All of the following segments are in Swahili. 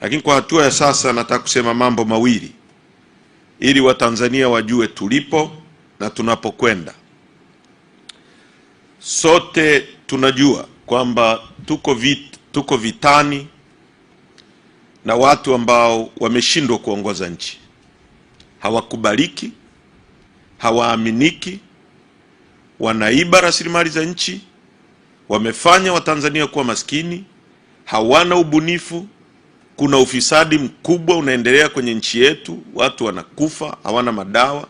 Lakini kwa hatua ya sasa nataka kusema mambo mawili ili Watanzania wajue tulipo na tunapokwenda. Sote tunajua kwamba tuko, vit, tuko vitani na watu ambao wameshindwa kuongoza nchi, hawakubaliki, hawaaminiki, wanaiba rasilimali za nchi, wamefanya Watanzania kuwa maskini, hawana ubunifu kuna ufisadi mkubwa unaendelea kwenye nchi yetu, watu wanakufa hawana madawa,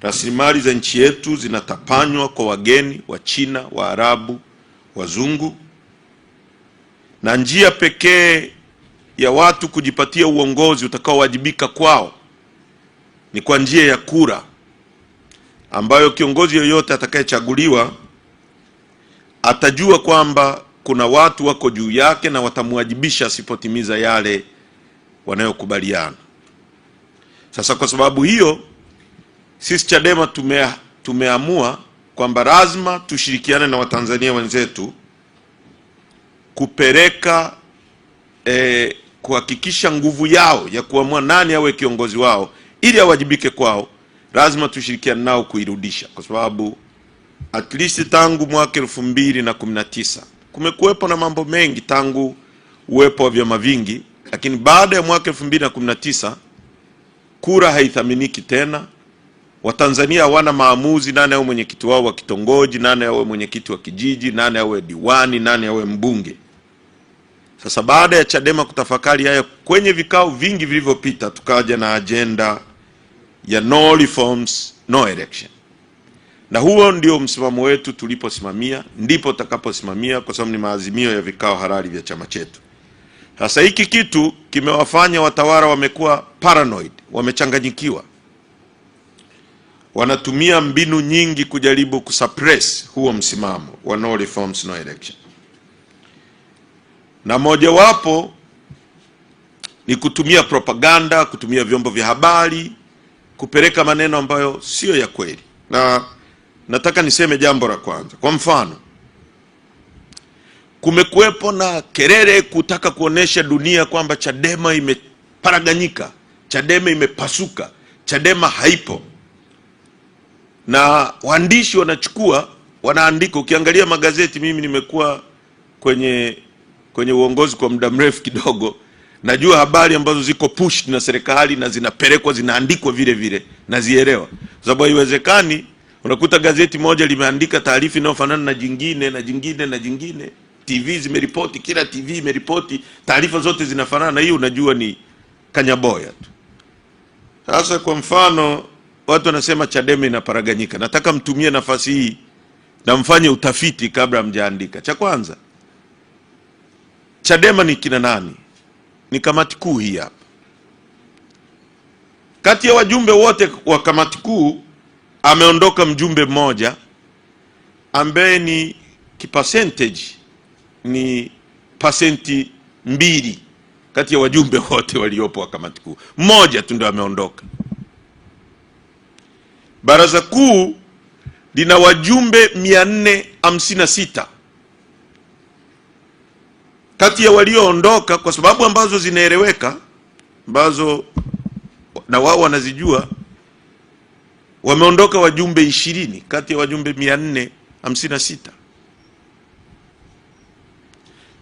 rasilimali za nchi yetu zinatapanywa kwa wageni wa China, Waarabu, wazungu, na njia pekee ya watu kujipatia uongozi utakaowajibika kwao ni kwa njia ya kura, ambayo kiongozi yoyote atakayechaguliwa atajua kwamba kuna watu wako juu yake na watamwajibisha asipotimiza yale wanayokubaliana. Sasa kwa sababu hiyo, sisi Chadema tumea, tumeamua kwamba lazima tushirikiane na Watanzania wenzetu kupeleka eh, kuhakikisha nguvu yao ya kuamua nani awe kiongozi wao ili awajibike kwao, lazima tushirikiane nao kuirudisha, kwa sababu at least tangu mwaka elfu mbili na kumi na tisa kumekuwepo na mambo mengi tangu uwepo wa vyama vingi, lakini baada ya mwaka tisa kura haithaminiki tena. Watanzania hawana maamuzi, nani awe mwenyekiti wao wa kitongoji, nani awe mwenyekiti wa kijiji, nani awe diwani, nani awe mbunge. Sasa baada ya Chadema kutafakari haya kwenye vikao vingi vilivyopita, tukaja na ajenda ya no reforms, no election na huo ndio msimamo wetu. Tuliposimamia ndipo tutakaposimamia, kwa sababu ni maazimio ya vikao halali vya chama chetu. Sasa hiki kitu kimewafanya watawala wamekuwa paranoid, wamechanganyikiwa, wanatumia mbinu nyingi kujaribu kusuppress huo msimamo wa no reforms no election, na mojawapo ni kutumia propaganda, kutumia vyombo vya habari kupeleka maneno ambayo siyo ya kweli na nataka niseme jambo la kwanza. Kwa mfano, kumekuwepo na kelele kutaka kuonesha dunia kwamba Chadema imeparaganyika, Chadema imepasuka, Chadema haipo, na waandishi wanachukua wanaandika. Ukiangalia magazeti, mimi nimekuwa kwenye kwenye uongozi kwa muda mrefu kidogo, najua habari ambazo ziko pushed na serikali na zinapelekwa zinaandikwa vile vile, nazielewa, sababu haiwezekani Unakuta gazeti moja limeandika taarifa inayofanana na jingine na jingine na jingine. TV zimeripoti, kila TV imeripoti, taarifa zote zinafanana. Hii unajua ni kanyaboya tu. Sasa kwa mfano, watu wanasema Chadema inaparaganyika. Nataka mtumie nafasi hii na mfanye utafiti kabla mjaandika. Cha kwanza, Chadema ni kina nani? Ni kamati kuu hii hapa. Kati ya wajumbe wote wa kamati kuu ameondoka mjumbe mmoja ambaye ni kipercentage ni pasenti mbili kati ya wajumbe wote waliopo wa kamati kuu, mmoja tu ndio ameondoka. Baraza kuu lina wajumbe 456. Kati ya walioondoka kwa sababu ambazo zinaeleweka, ambazo na wao wanazijua wameondoka wajumbe ishirini kati ya wajumbe mia nne hamsini na sita.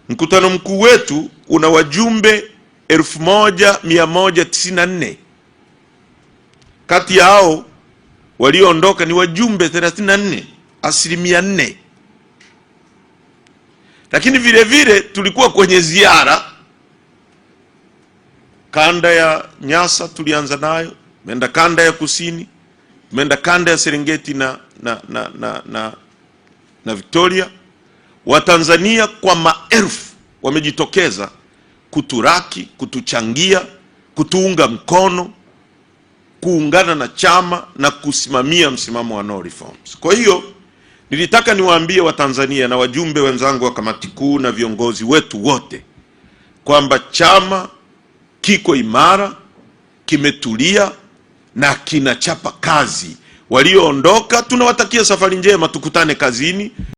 Mkutano mkuu wetu una wajumbe elfu moja mia moja tisini na nne. Kati ya hao walioondoka ni wajumbe 34, asilimia 4. Lakini vile vile tulikuwa kwenye ziara kanda ya Nyasa, tulianza nayo, meenda kanda ya kusini tumeenda kanda ya Serengeti na, na, na, na, na, na Victoria. Watanzania kwa maelfu wamejitokeza kuturaki, kutuchangia, kutuunga mkono, kuungana na chama na kusimamia msimamo wa no reforms. Kwa hiyo nilitaka niwaambie Watanzania na wajumbe wenzangu wa kamati kuu na viongozi wetu wote kwamba chama kiko imara, kimetulia na kinachapa kazi. Walioondoka tunawatakia safari njema, tukutane kazini.